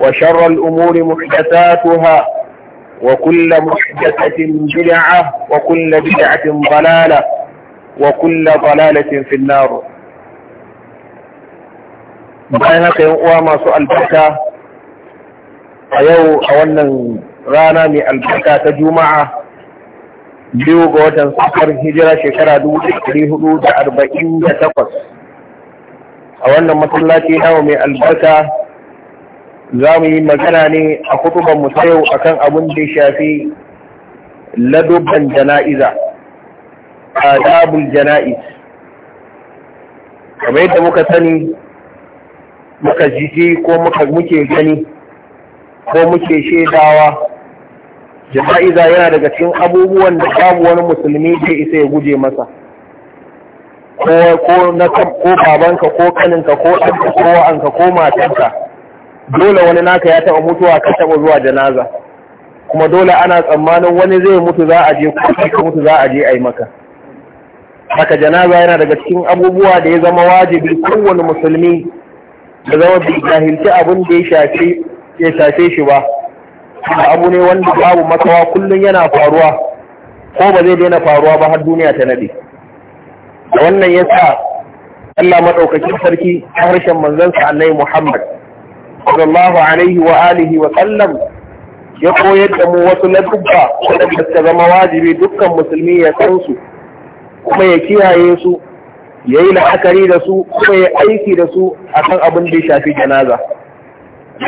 وشر الأمور محدثاتها وكل محدثة بدعة وكل بدعة ضلالة وكل ضلالة في النار bayan haka yan uwa masu albarka a yau a wannan rana mai albarka ta juma'a biyu ga watan safar hijira shekara 1448 a wannan masallaci nawa mai albarka za mu yi magana ne a kutuban mu ta yau akan abin da shafi ladoban jana'iza adabul jana'iz kamar yadda muka sani muka jiji ko muke gani ko muke shaidawa jana'iza yana daga cikin abubuwan da babu wani musulmi da isa ya guje masa ko babanka ko kaninka ko ɗanka ko wa'anka ko matanka dole wani naka ya taba mutuwa ka taba zuwa janaza kuma dole ana tsammanin wani zai mutu za a je ka mutu za a je a yi maka haka janaza yana daga cikin abubuwa da ya zama wajibi kowane musulmi da zama ya jahilci abin da ya shafe shi ba abu ne wanda babu makawa kullum yana faruwa ko ba zai daina faruwa ba har duniya ta nade da wannan yasa Allah madaukakin sarki a harshen manzon sa Annabi Muhammad sallallahu alaihi wa alihi ya koyar da mu wasu ladubba waɗanda suka zama wajibi dukkan musulmi ya san kuma ya kiyaye su ya yi la'akari da su kuma ya aiki da su akan abin da ya shafi janaza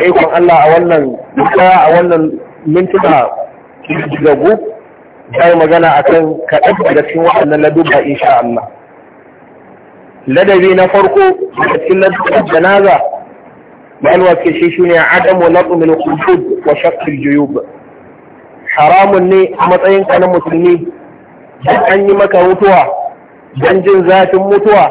aikon Allah a wannan a wannan mintuna gagu ta magana akan kaɗan daga cikin waɗannan ladubba insha Allah ladabi na farko daga cikin ladubban janaza malwa ke shi shine adamu laqmil qudud wa shaqqil juyub haramun ne a matsayin ka na musulmi an yi maka mutuwa dan jin zafin mutuwa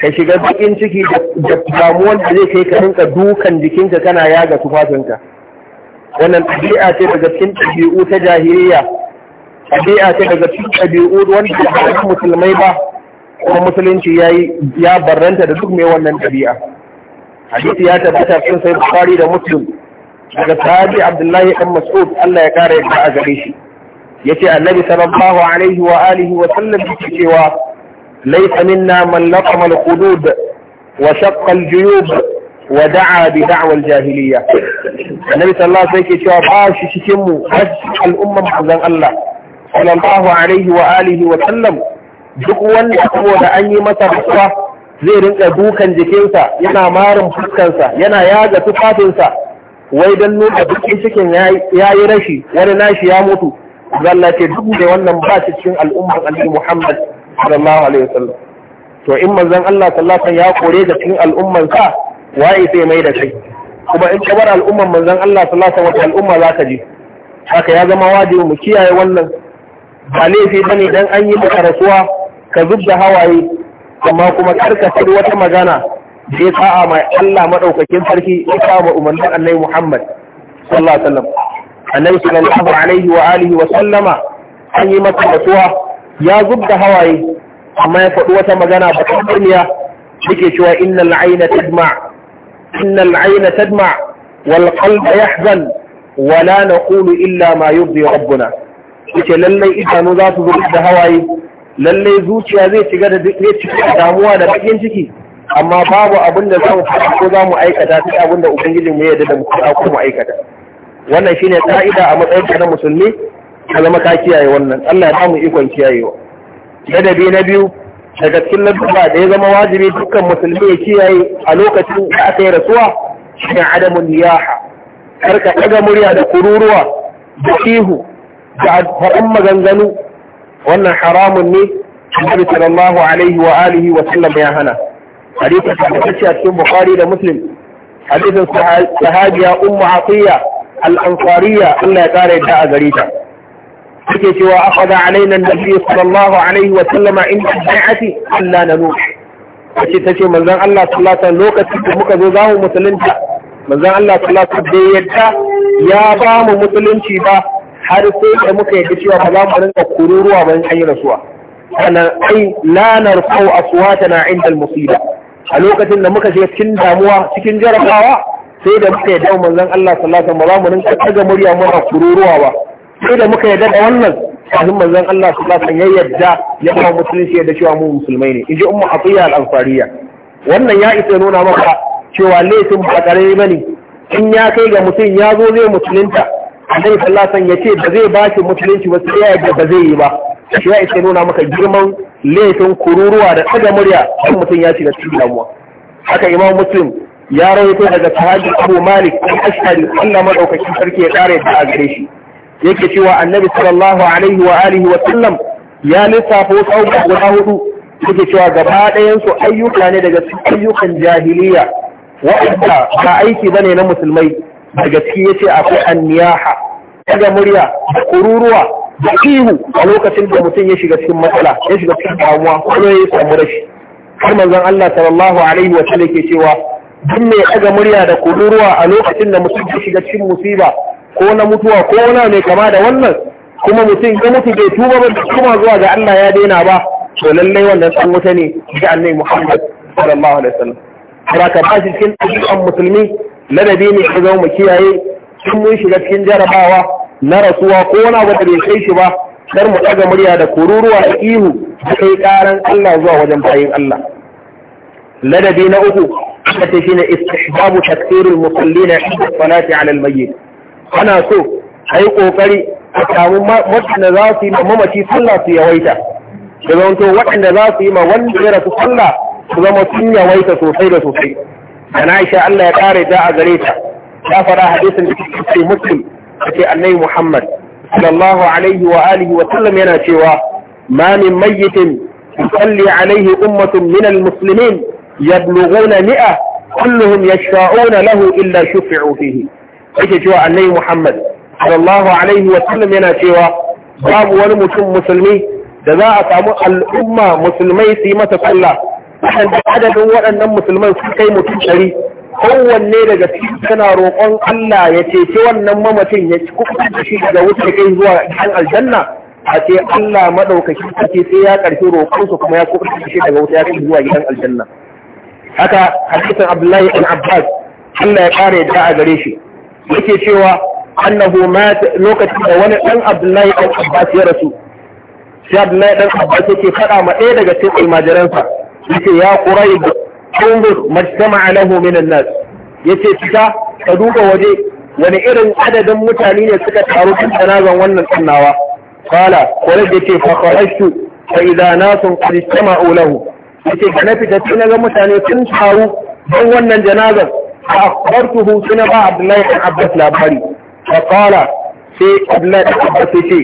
ka shiga bakin ciki da damuwan da zai kai ka rinka dukan jikinka kana yaga tufafinka wannan ɗabi'a ce daga cikin ɗabi'u ta jahiliya ɗabi'a ce daga cikin ɗabi'u wanda ba musulmai ba kuma musulunci ya barranta da duk mai wannan ɗabi'a حديثي هذا تبعت في صحيح البخاري ومسلم عن سعد عبد الله بن مسعود الله يكره يدعى غريشي يتي النبي صلى الله عليه واله وسلم في بكيوا ليس منا من لطم القدود وشق الجيوب ودعا بدعوى الجاهليه النبي صلى الله عليه وسلم باش شكم حج الامه من الله صلى الله عليه واله وسلم دوك وان هو ده متى بصره zai rinka dukan jikinsa yana marin fuskansa yana yaga tufafinsa wai don nuna dukkan cikin ya yi rashi wani nashi ya mutu zalla ce duk da wannan ba shi cikin al'ummar annabi Muhammad sallallahu alaihi wasallam to in manzon Allah sallallahu alaihi ya kore da cikin al'ummar sa waye sai mai da kai kuma in ka bar al'ummar manzon Allah sallallahu alaihi wasallam al'umma za ka ji haka ya zama wajibi mu kiyaye wannan ba laifi bane dan an yi maka rasuwa ka zubda hawaye amma kuma karka karkasar wata magana da ya sa'a mai Allah maɗaukakin sarki ya sa'a umarnin annai Muhammad sallallahu alaihi wasallam annabi sallallahu alaihi wa alihi wa sallama an yi masa rasuwa ya zubda hawaye amma ya faɗi wata magana ba ta duniya yake cewa innal ayna tadma innal ayna tadma wal qalba yahzan wa la naqulu illa ma yurdi rabbuna yace lallai idanu za su zubda hawaye lallai zuciya zai shiga da damuwa da bakin ciki amma babu abin da zamu faɗa ko mu aikata sai abin da ubangijin mu yadda da mu ko mu aikata wannan shine ka'ida a matsayin na musulmi ka zama ka kiyaye wannan Allah ya mu ikon kiyayewa ladabi na biyu daga cikin ladaba da ya zama wajibi dukkan musulmi ya kiyaye a lokacin da aka yi rasuwa shine adamun niyaha karka ɗaga murya da kururuwa da ihu da faɗin maganganu wannan haramun ne annabi sallallahu alaihi wa alihi wa sallam ya hana hadisin ce a cikin bukhari da muslim hadisin sahabiya ummu atiya al-ansariya Allah ya kare da a gare ta take cewa akhadha alaina an-nabi sallallahu alaihi wa sallam inda bai'ati alla nanuh wace tace manzon Allah sallallahu alaihi lokacin da muka zo zamu musulunta manzon Allah sallallahu alaihi yadda ya ba mu musulunci ba har sai da muka yarda cewa ba za mu rinka kururuwa ba an yi rasuwa sannan ai lanar kau aswatana inda musiba a lokacin da muka je cikin damuwa cikin jarabawa sai da muka yadda manzon Allah sallallahu alaihi wasallam ba mu rinka daga murya muna kururuwa ba sai da muka yadda da wannan kafin manzon Allah sallallahu alaihi wasallam ya yadda ya ba musulunci yadda cewa mu musulmai ne ji ummu atiya al-ansariya wannan ya isa nuna maka cewa laifin ba kare bane in ya kai ga mutum ya zo zai musulunta annabi sallallahu alaihi ya ce ba zai ba shi musulunci ba sai ya ba zai yi ba shi ya isa nuna maka girman laifin kururuwa da ɗaga murya Dan mutum ya shiga cikin damuwa haka imam muslim ya rawaito daga sahabi abu malik an ashari allah madaukaki sarki ya ƙara yadda a gare shi yake cewa annabi sallallahu alaihi wa alihi wa sallam ya lissafa wasu abubuwa guda hudu yake cewa gaba ɗayan ayyuka ne daga ayyukan jahiliya wa'anda ba aiki bane na musulmai daga ya ce akwai anniyaha daga murya da kururuwa da ihu a lokacin da mutum ya shiga cikin matsala ya shiga cikin damuwa ko ya yi samu rashi har manzon Allah sallallahu alaihi wa sallam ke cewa duk mai daga murya da kururuwa a lokacin da mutum ya shiga cikin musiba ko na mutuwa ko wani mai kama da wannan kuma mutum ya mutu bai tuba ba da kuma zuwa ga Allah ya daina ba to lallai wannan san wuta ne ga Annabi Muhammad sallallahu alaihi wasallam haka ba shi cikin ɗabi'an musulmi ladabi ne ya zama mu kiyaye in mun shiga cikin jarabawa na rasuwa ko wani abu da bai kai shi ba kar mu ɗaga murya da kururuwa da ihu da kai ƙaran Allah zuwa wajen bayin Allah ladabi na uku aka ce shine istihbabu takfirul musallina inda salati ala almayyit ana so ai kokari a samu waɗanda za su yi ma mamaci sallah su yawaita da zamanto waɗanda za su yi ma wanda ya rasu sallah su zama sun yawaita sosai da sosai da Aisha Allah ya kare da a gare ta ta fara hadisin da ke muslim ce annabi Muhammad sallallahu alaihi wa alihi wa sallam yana cewa ma min mayyitin yusalli alaihi ummatun min almuslimin yablughuna mi'a kulluhum yashfa'una lahu illa shufi'u fihi yake cewa annabi Muhammad sallallahu alaihi wa sallam yana cewa babu wani mutum musulmi da za a samu al'umma musulmai su yi mata sallah waɗanda adadin waɗannan musulman sun kai mutum ɗari kowanne daga cikin suna roƙon Allah ya ceci wannan mamacin ya ci kuka da shi daga wuce kai zuwa gidan aljanna a ce Allah maɗaukaki sarki sai ya ƙarfi roƙonsu kuma ya kuma da shi daga wuce ya kai zuwa gidan aljanna haka hadisin Abdullahi ibn Abbas Allah ya ƙara yadda a gare shi yake cewa annahu mata lokacin da wani ɗan Abdullahi ibn Abbas ya rasu sai Abdullahi ɗan Abbas yake faɗa ma ɗaya daga cikin almajiransa yace ya quraib unzur majtama'a lahu min an-nas yace fita ka duba waje wani irin adadin mutane ne suka taru kan janazan wannan tsannawa qala quraib yace fa kharajtu fa idha nasun qad istama'u lahu yace da na fita sai ga mutane sun taru don wannan janazan fa akhbartuhu suna ba abdullahi bin abbas labari fa qala sai abdullahi bin abbas yace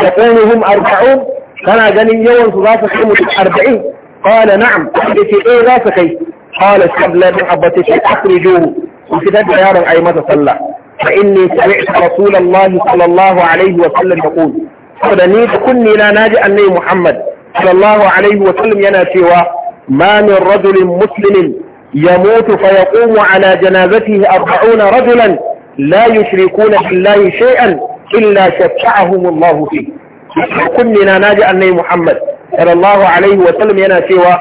تقولهم arba'un kana ganin yawansu za su kai mutum arba'in qala na'am da ce eh za su kai qala shabla bin abbas ce akhrijuhu fitar da yaron yi masa sallah fa inni sami'tu rasulullahi sallallahu alaihi wa sallam yaqul saboda ni da kunni na naji annabi muhammad sallallahu alaihi wa sallam yana cewa ma min rajulin muslimin يموت فيقوم على جنازته arba'una رجلا la يشركون بالله شيئا إلا شفعهم الله فيه na ناجي أني muhammad sallallahu alaihi wa sallam yana cewa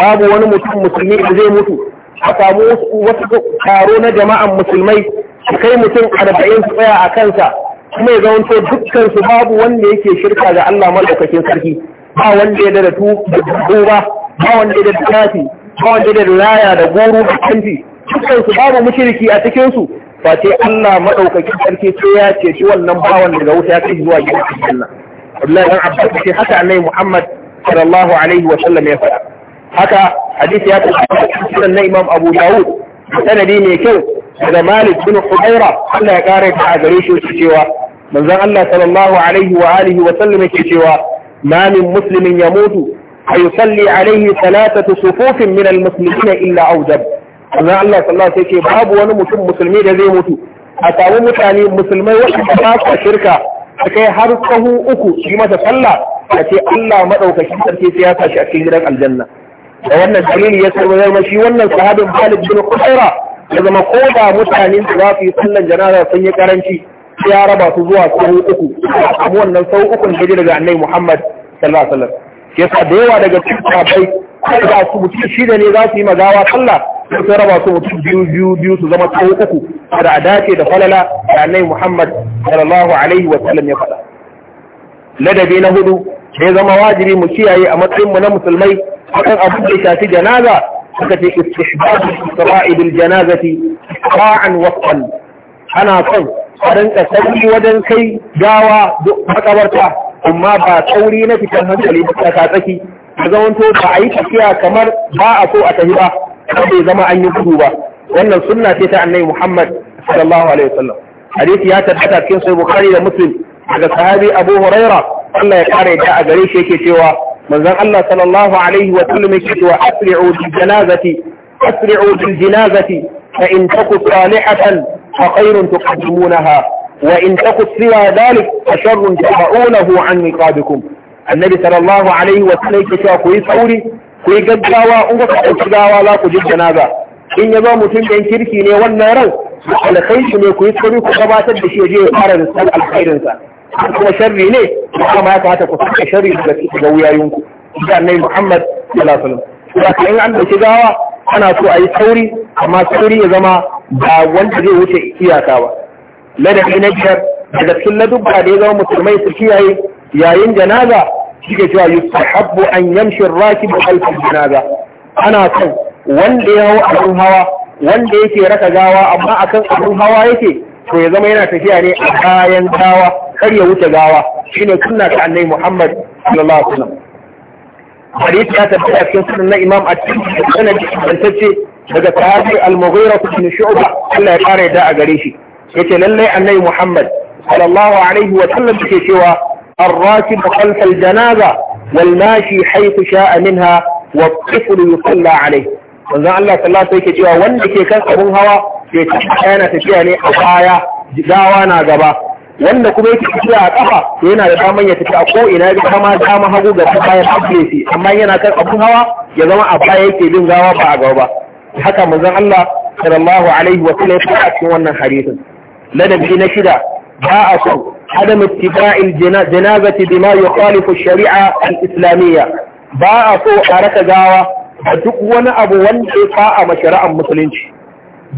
babu wani mutum musulmi da zai mutu a samu wasu taro na jama'an musulmai su kai mutum arba'in su tsaya a kansa kuma ya zaunto dukkan su babu wanda yake shirka ga Allah madaukakin sarki ba wanda ya da tuba ba wanda ya da tafi ba wanda ya da laya da goro da kanti dukkan su babu mushriki a cikin su face Allah madaukakin sarki sai ya ce shi wannan bawan daga wuta ya kai zuwa gidan Allah wallahi dan abba sai haka annabi Muhammad sallallahu haka hadisi ya tabbata sunan na Imam Abu Dawud sanadi mai kyau daga Malik bin Hudaira Allah ya kare ta a gare shi cewa manzon Allah sallallahu alaihi wa alihi wa sallam yake cewa ma min muslimin yamutu ayusalli alaihi thalathatu sufufin min almuslimina illa awjab manzon Allah sallallahu alaihi yake babu wani mutum musulmi da zai mutu a samu mutane musulmai wanda ba shirka har sahu uku yi masa sallah a ce Allah madaukakin sarki sai ya tashi a cikin gidan aljanna da wannan dalili ya sarwa zama shi wannan sahabin Khalid bin Khuzaira ya zama ko da mutanen da za su yi sallan janaza sun yi karanci sai ya raba su zuwa sau uku a samu wannan sau uku da daga Annabi Muhammad sallallahu alaihi wasallam shi yasa da yawa daga cikin sahabbai ko da su mutum da ne za su yi magawa sallah sai su raba su mutum biyu biyu biyu su zama sau uku da a dace da falala da Annabi Muhammad sallallahu alaihi wasallam ya faɗa ladabi na hudu da ya zama wajibi mu kiyaye a matsayinmu na musulmai akan abin da shafi janaza suka ce istihbab isra'i bil janazati qa'an wa ana son a rinka sauri wajen kai gawa makabarta amma ba sauri na fitar hankali ba ta tsaki A zamanto ba a yi tafiya kamar ba a so a tafi ba bai zama an yi gudu ba wannan sunna ce ta annabi Muhammad sallallahu alaihi wasallam hadisi ya tabbata cikin sahih Bukhari da Muslim daga sahabi Abu Huraira Allah ya kare da a gare shi yake cewa manzon Allah sallallahu alaihi wa sallam yake cewa asri'u bil janazati asri'u bil janazati fa in taku salihatan fa khairun tuqaddimunaha wa in taku siwa dalik fa sharrun tad'unahu an niqabikum annabi sallallahu alaihi wa sallam yake cewa ku yi sauri ku yi gaggawa in ka ɗauki gawa za ku ji janaza in ya zo mutum ɗan kirki ne wannan ran alkhairi ne ku yi sauri ku gabatar da shi je ya fara da san alkhairinsa kuma sharri ne kuma ya kamata ku saka sharri daga cikin ku. da annabi Muhammad sallallahu alaihi wasallam in an dauki gawa ana so a yi sauri amma sauri ya zama ba wanda zai wuce iyaka ba ladabi na biyar daga cikin ladubba da ya zama musulmai su kiyaye yayin janaza shike cewa yusuf an yamshi ar-rakibu khalfa janaza ana so wanda ya hau abin hawa wanda yake raka gawa amma akan abin hawa yake to ya zama yana tafiya ne a bayan gawa kar ya wuce gawa shine sunna ta annabi Muhammad sallallahu alaihi wasallam hadisi ya tabbata cikin sunan na Imam At-Tirmidhi sanadi bantacce daga sahabi Al-Mughira ibn Shu'ba Allah ya kare da a gare shi yace lalle annabi Muhammad sallallahu alaihi wa sallam yake cewa الراكب خلف الجنازة والماشي حيث شاء منها والطفل يصلى عليه manzon Allah sallallahu alaihi yake cewa wanda ke kan abun hawa ke yana tafiya ne a baya gawa na gaba wanda kuma yake tafiya a kafa to yana da daman ya tafi a ko ina ga kama dama hagu ga bayan hakle amma yana kan abun hawa ya zama a baya yake bin gawa ba a gaba ba haka manzon Allah sallallahu alaihi wa sallam ya cikin wannan hadisin ladabi na shida ba a so adam ittiba'il janazati bima yukhalifu shari'a al-islamiyya ba a so a raka gawa A duk wani abu wanda ya fa'a ma shari'ar musulunci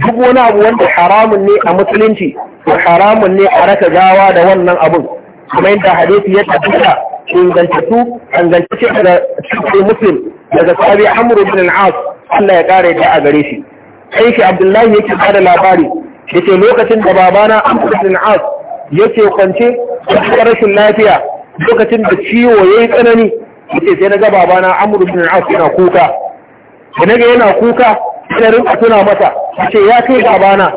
duk wani abu wanda haramun ne a musulunci to haramun ne a raka gawa da wannan abun kuma yadda hadisi ya tabbata ingantattu ingantacce daga cikin muslim daga amru bin al Allah ya kare ta a gare shi sai shi abdullahi yake bada labari yace lokacin da babana amru bin al yake kwance a rashin lafiya lokacin da ciwo yayi tsanani yace sai na ga babana amru bin al yana kuka da naga yana kuka sai rinka tuna mata ce ya kai gabana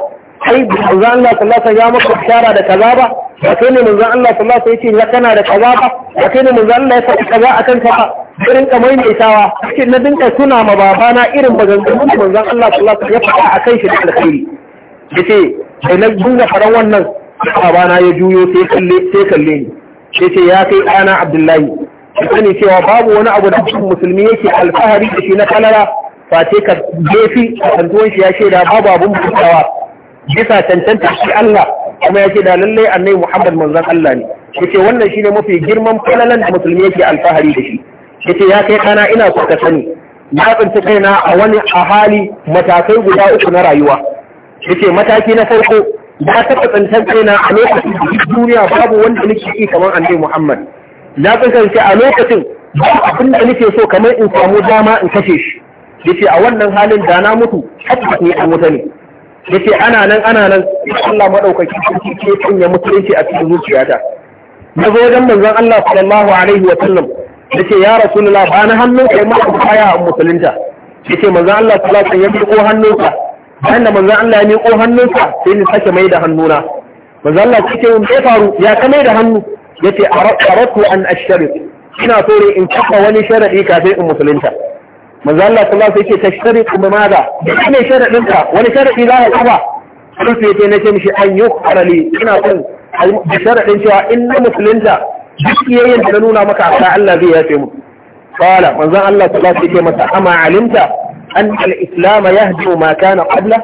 ai manzon Allah sallallahu alaihi ya maka bishara da kaza ba ba kai ne manzon Allah sallallahu alaihi wasallam yace kana da kaza ba ba kai ne manzon Allah ya faɗi kaza akan ka ba irin ka mai tawa kace na dinka tuna ma babana irin maganganun da manzon Allah sallallahu alaihi wasallam ya faɗa akan shi da alkhairi yace sai na dinga faran wannan babana ya juyo sai kalle sai kalle ni yace ya kai ana Abdullahi ne cewa babu wani abu da musulmi yake alfahari da shi na kalara face ka gefi a kantuwan shi ya shaida babu abun bukawa bisa cancanta shi Allah kuma ya ce da lallai annabi Muhammad manzon Allah ne yace wannan shine mafi girman falalan da musulmi yake alfahari da shi yace ya kai kana ina kuka sani Ya tsinci kaina a wani a hali matakai guda uku na rayuwa yace mataki na farko na taɓa tsintar kaina a lokacin duniya babu wanda nake yi kamar annabi Muhammad na kasance a lokacin ba abin da nake so kamar in samu dama in kashe shi yace a wannan halin da na mutu hakka ne an wuta ne yace ana nan ana nan Allah madaukaki sarki ke sanya mutunci a cikin zuciyata na zo wajen manzon Allah sallallahu alaihi wa sallam yace ya rasulullah ba na hannun kai ma baya a musulunta yace manzon Allah sallallahu alaihi wa sallam ya miƙo hannunsa bayan da manzon Allah ya miƙo hannunsa sai ni sake mai da hannuna manzon Allah ce mun bai faru ya ka mai da hannu yace aratu an ashari ina so in kafa wani sharadi kafin in musulunta manzo Allah sallallahu alaihi wasallam yake tashtari kuma maza ne sharadin ka wani sharadi za ka kafa sun sai yake ce mishi an yukhara li ina son da sharadin cewa inna musulunta duk yayin da nuna maka aka Allah zai yafe mu qala manzo Allah sallallahu alaihi wasallam masa amma alimta an al-islam yahdi ma kana qabla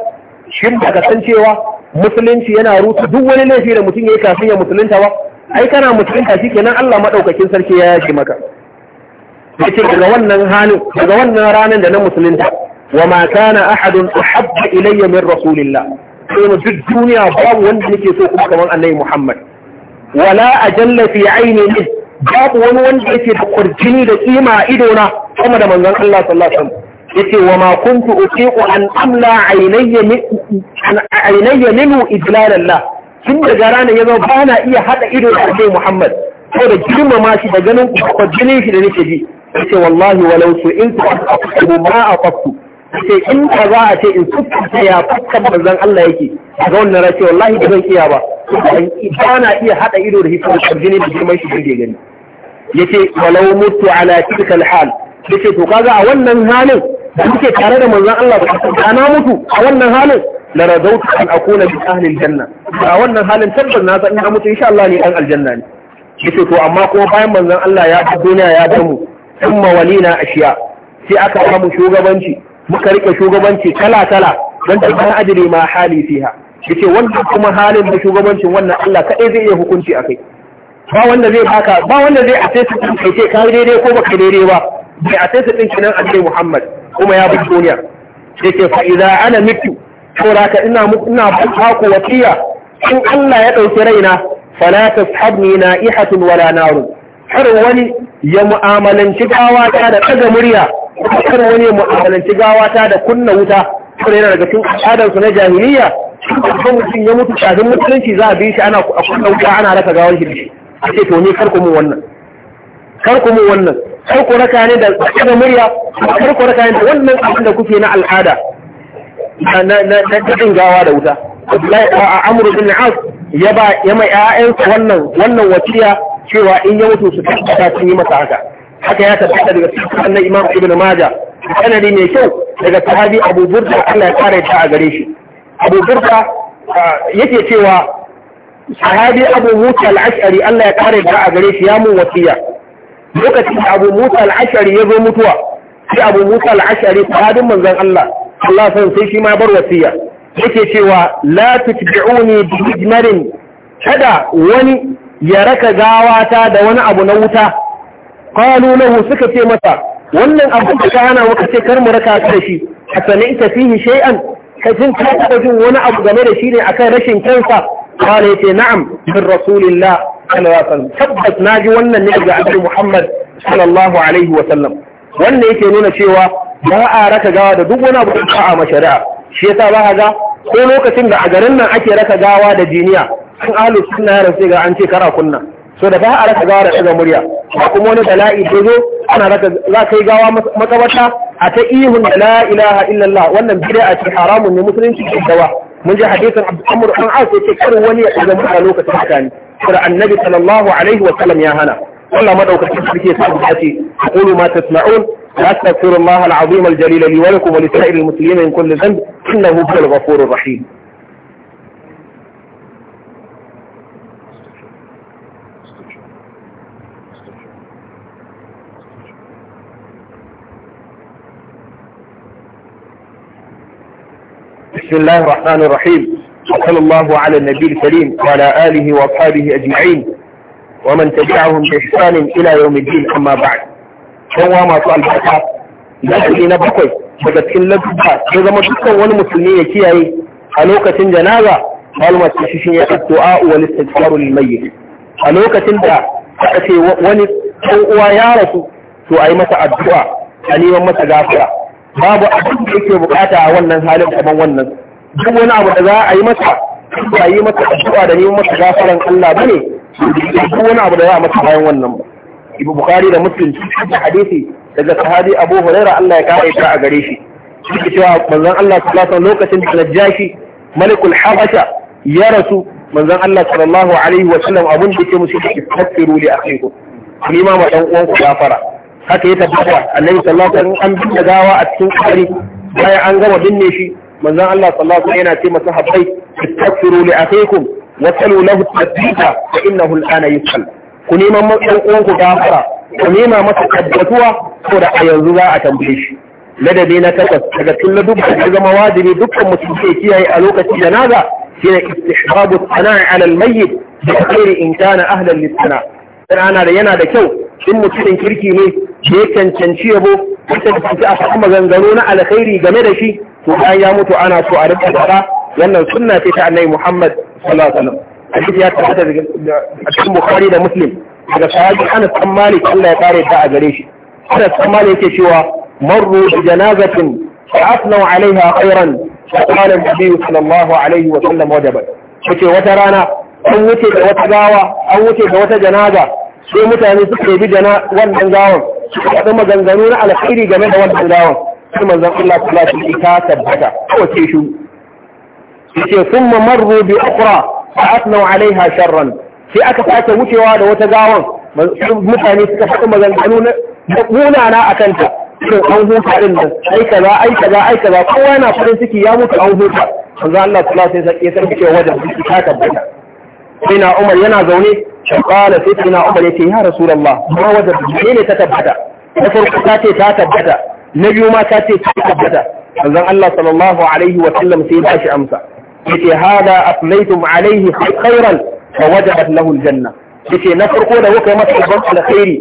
shin baka san cewa musulunci yana rusa duk wani laifi da mutum yayi kafin ya musulunta ba ai kana musulunta shikenan Allah madaukakin sarki ya yafe maka yace daga wannan halin daga wannan ranar da na musulunta wa ma kana ahadun uhabba ilayya min rasulillah sai mu duk duniya babu wanda nake so kuma kamar annabi Muhammad wala ajalla fi aini min babu wani wanda yake da kurjini da kima a ido na kuma da manzon Allah sallallahu alaihi wasallam yace wa ma kuntu uqiqu an amla aynayya min an aynayya minhu idlalallah tun daga ranar yazo ba na iya hada ido da annabi Muhammad saboda girmama shi da ganin kurjini shi da nake ji yace wallahi walau su in ta aqubu ma a aqubu yace in ka za a ce in sukunta ya fakkan manzon Allah yake ga wannan race wallahi ba zan iya ba ban na iya hada ido da hikimar karjini da girman shi da gani yace walau mutu ala tilka alhal yace to kaga a wannan halin da muke tare da manzon Allah ba na mutu a wannan halin la radawtu an akuna bi ahli aljanna a wannan halin tabbas na san na mutu insha Allah ne dan aljanna ne yace to amma kuma bayan manzon Allah ya bi duniya ya damu thumma walina ashiya sai aka samu shugabanci muka rike shugabanci kala kala don da ban ajiri ma hali fiha yace wanda kuma halin da shugabancin wannan Allah kaɗai zai iya hukunci akai ba wanda zai baka ba wanda zai asesa din kai ce kai daidai ko baka daidai ba bai asesa din kinan annabi Muhammad kuma ya bi duniya yace fa idza ana mitu raka ina ina ba ku wasiya in Allah ya ɗauki raina fala tashabni na'ihatun wala naru kar wani ya mu'amalanci gawata da ɗaga murya kar wani ya mu'amalanci gawata da kunna wuta kuma yana daga cikin al'adarsu na jahiliya kuma mutum ya mutu kafin musulunci za a bi shi ana a kunna wuta ana raka gawar shi a ce to ni kar ku mun wannan kar ku mun wannan kar ku raka ne da ɗaga murya kar ku raka ne da wannan abin da kuke na al'ada na na gawa da wuta Abdullahi a Amr bin As ya ba ya mai ƴaƴansa wannan wannan wasiya cewa in ya mutu su tabbata sun yi masa haka haka ya tabbata daga cikin na imam ibn maja sanadi mai kyau daga sahabi abu burda Allah ya kare ta a gare shi abu burda yake cewa sahabi abu musa al-ash'ari Allah ya kare ta a gare shi ya mun wasiya lokacin da abu musa al-ash'ari ya zo mutuwa sai abu musa al-ash'ari sahabin manzon Allah Allah san sai shi ma bar wasiya yake cewa la tutbi'uni bi kada wani ya raka gawata da wani abu na wuta qalu lahu suka ce masa wannan abu da kana muka ce kar mu raka ka da shi asalita fihi shay'an ka ka taba jin wani abu game da shi ne akan rashin kansa ya ce na'am min rasulillah sallallahu alaihi wasallam tabbas naji wannan ne daga annabi Muhammad sallallahu alaihi wasallam wannan yake nuna cewa ba a raka gawa da duk wani abu da a mashari'a shi yasa ba ga ko lokacin da a garin nan ake raka gawa da jiniya an ahlus sunna ya rasu ga an ce kara kunna so da ba raka gawa da daga murya ba kuma wani bala'i da zo ana raka za ka yi gawa makabata a ta ihun da la ilaha illallah wannan bid'a ce haramun ne musulunci ke gawa mun ji hadisin amr an asu ce kar wani ya daga murya lokacin mutane sura annabi sallallahu alaihi wa sallam ya hana والله ما دوك sa صاحبتي أقول ما تسمعون وأستغفر الله العظيم الجليل لي ولكم ولسائر المسلمين من كل ذنب إنه هو الغفور الرحيم بسم الله الرحمن الرحيم صلى الله على النبي الكريم وعلى آله وأصحابه أجمعين ومن تبعهم بإحسان إلى يوم الدين أما بعد هو ما سؤال بحثة لكن na bakwai daga cikin lafiya ya zama dukkan wani musulmi ya kiyaye a lokacin janaza malumar ta shi ya addu'a wal istighfaru lil a lokacin da aka ce wani ɗan uwa ya rasu to a masa addu'a a neman masa gafara babu abin da yake bukata a wannan halin kamar wannan duk wani abu da za a yi masa ba yi masa addu'a da neman masa gafaran Allah bane duk wani abu da za a masa bayan wannan ba ibu bukari da muslim cikin hadisi daga sahabi abu huraira Allah ya kare ta a gare shi shi cewa manzon Allah sallallahu alaihi lokacin da najashi malikul habasha ya rasu manzon Allah sallallahu alaihi wa sallam abun da yake musu istaghfiru li akhikum ni ma ma dan uwan ku gafara haka ya tabbata annabi sallallahu alaihi wasallam an binne gawa a cikin kabari bayan an gama binne shi manzon Allah sallallahu alaihi yana ce masa habbai istaghfiru li akhikum wa talu lahu tasbita fa innahu al'ana yusal ku neman ɗan uwanku gafara ku nema masa tabbatuwa saboda a yanzu za a tambaye shi ladabi na takwas daga cikin duk da zama wajibi dukkan mutum ke kiyaye a lokacin janaza shine istihbabu sana'a ala al-mayyit bi khairi in kana ahlan lis-sana'a ana da yana da kyau shin mutumin kirki ne da ya cancanci yabo ya cancanci a samu maganganu na alkhairi game da shi to bayan ya mutu ana so a rika faɗa wannan sunna ce ta annabi Muhammad sallallahu alaihi wasallam hadisi ya tabbata a cikin Bukhari da Muslim daga sahabi Anas bin Malik Allah ya kare ta a gare shi Anas bin Malik yake cewa marru bi janazatin fa'atnau alaiha khairan فقال النبي صلى الله عليه وسلم وجبت kace wata rana an wuce da wata gawa an wuce da wata janaza sai mutane suka yi da na wannan gawan suka faɗi maganganu na alkhairi game da wannan gawan sai manzon Allah sallallahu alaihi wasallam ta tabbata shu. shi ce thumma marru bi ukhra fa atnau alaiha sharran sai aka fata wucewa da wata gawan mutane suka faɗi maganganu na na a ta, sai an huta din nan ai kaza ai kaza ai kaza kowa yana farin ciki ya mutu an huta manzo Allah Ta alaihi wasallam ya sarki wajen ciki ta tabbata sai na Umar yana zaune qala ina umar yace ya rasulallah ma wajen menene ta tabbata na farko ta ce ta tabbata na biyu ma ta ce ta tabbata manzon Allah sallallahu alaihi wa sallam sai ba shi amsa yace hada aflaytum alaihi khairan fa wajabat lahu aljanna yace na farko da kuka yi masa babban alkhairi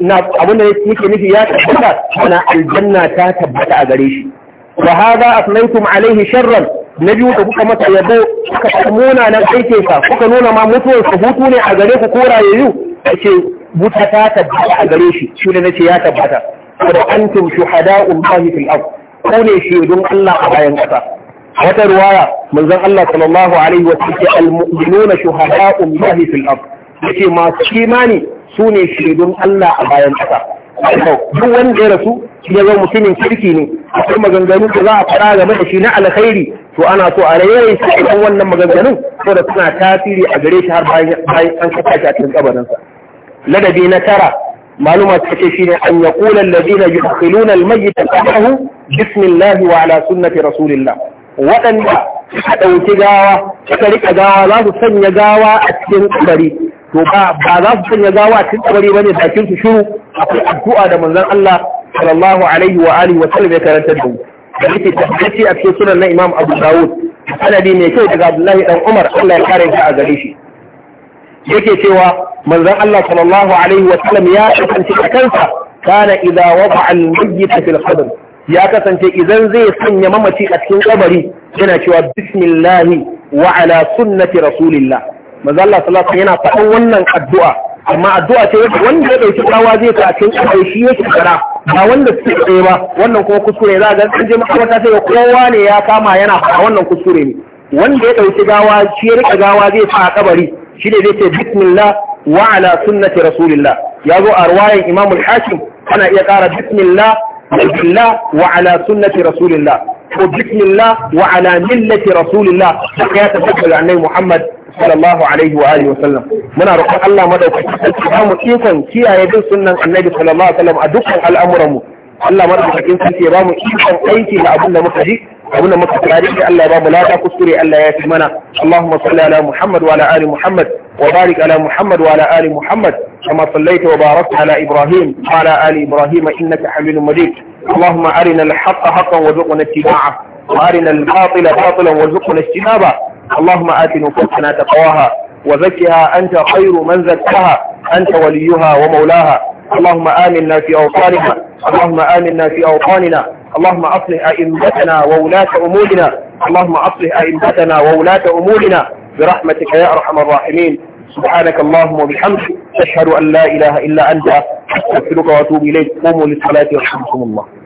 na abin da ya tabbata ana aljanna ta tabbata a gare shi wa hada alaihi sharran na biyu da kuka masa yabo kuka ta munanan aikinsa kuka nuna ma mutuwar ka hutu ne a gare ku ko rayayyu ce buta ta tabbata a gare shi shi ne nace ya tabbata wa antum shuhada'u Allahi fil ard ko ne shaidun Allah a bayan kasa wata ruwaya manzon Allah sallallahu alaihi wa sallam al-mu'minuna shuhada'u Allahi fil ard yace masu kimani su ne shaidun Allah a bayan kasa duk wanda ya rasu ya zama mutumin kirki ne akwai maganganu da za a fara game da shi na alkhairi to ana so a rayaye shi idan wannan maganganun saboda suna tasiri a gare shi har bayan an saka shi a cikin kabarinsa ladabi na tara maluma ta ce shine an yaqula alladhina yudkhiluna almayyit ta'ahu bismillah wa ala sunnati rasulillah waɗanda suka ɗauki gawa suka rika gawa za su sanya gawa a cikin kabari to ba ba za su sanya gawa a cikin kabari bane bakin su shiru akwai addu'a da manzon Allah sallallahu alaihi wa alihi wa sallam ya karanta da mu yake tabbaci a cikin sunan na Imam Abu Dawud sanadi mai kyau daga Abdullahi dan Umar Allah ya kare ka a gare shi yake cewa manzon Allah sallallahu alaihi wa sallam ya kasance a kansa kana idza wada'a al-mayyit fil qabr ya kasance idan zai sanya mamaci a cikin kabari yana cewa bismillah wa ala sunnati rasulillah manzon Allah sallallahu alaihi yana faɗan wannan addu'a amma addu'a ce wanda ya dauki tsawa zai ka a cikin kabari shi yake kara ba wanda suke tsaye ba wannan kuma kuskure za a ga an je makabarta sai kowa ne ya kama yana a wannan kuskure ne wanda ya dauki gawa shi ya rika gawa zai sa a kabari shi ne zai ce bismillah wa ala sunnati rasulillah ya zo a ruwayan imam al-hakim ana iya kara bismillah bismillah wa ala sunnati rasulillah ko bismillah wa ala millati rasulillah da ya tabbata annabi muhammad sallallahu alaihi wa alihi wa sallam muna roƙon Allah madaukakin sarki ba mu ikon kiyaye bin sunnan annabi sallallahu alaihi wa sallam a dukkan al'amuran mu Allah madaukakin sarki ba mu ikon aiki da abin da muka ji abin da muka tsari da Allah ba mu lada kuskure Allah ya fi mana Allahumma salli ala Muhammad wa ala ali Muhammad wa barik ala Muhammad wa ala ali Muhammad kama sallaita wa barakta ala Ibrahim wa ala ali Ibrahim innaka Hamidum Majid اللهم أرنا الحق حقا وارزقنا اتباعه وأرنا الباطل باطلا وارزقنا اجتنابه اللهم آت نفوسنا تقواها وزكها أنت خير من زكاها أنت وليها ومولاها اللهم آمنا في أوطاننا اللهم آمنا في أوطاننا اللهم أصلح أئمتنا وولاة أمورنا اللهم أصلح أئمتنا وولاة أمورنا برحمتك يا أرحم الراحمين سبحانك اللهم وبحمدك أشهد أن لا إله إلا أنت أستغفرك وأتوب إليك قوموا للصلاة يرحمكم الله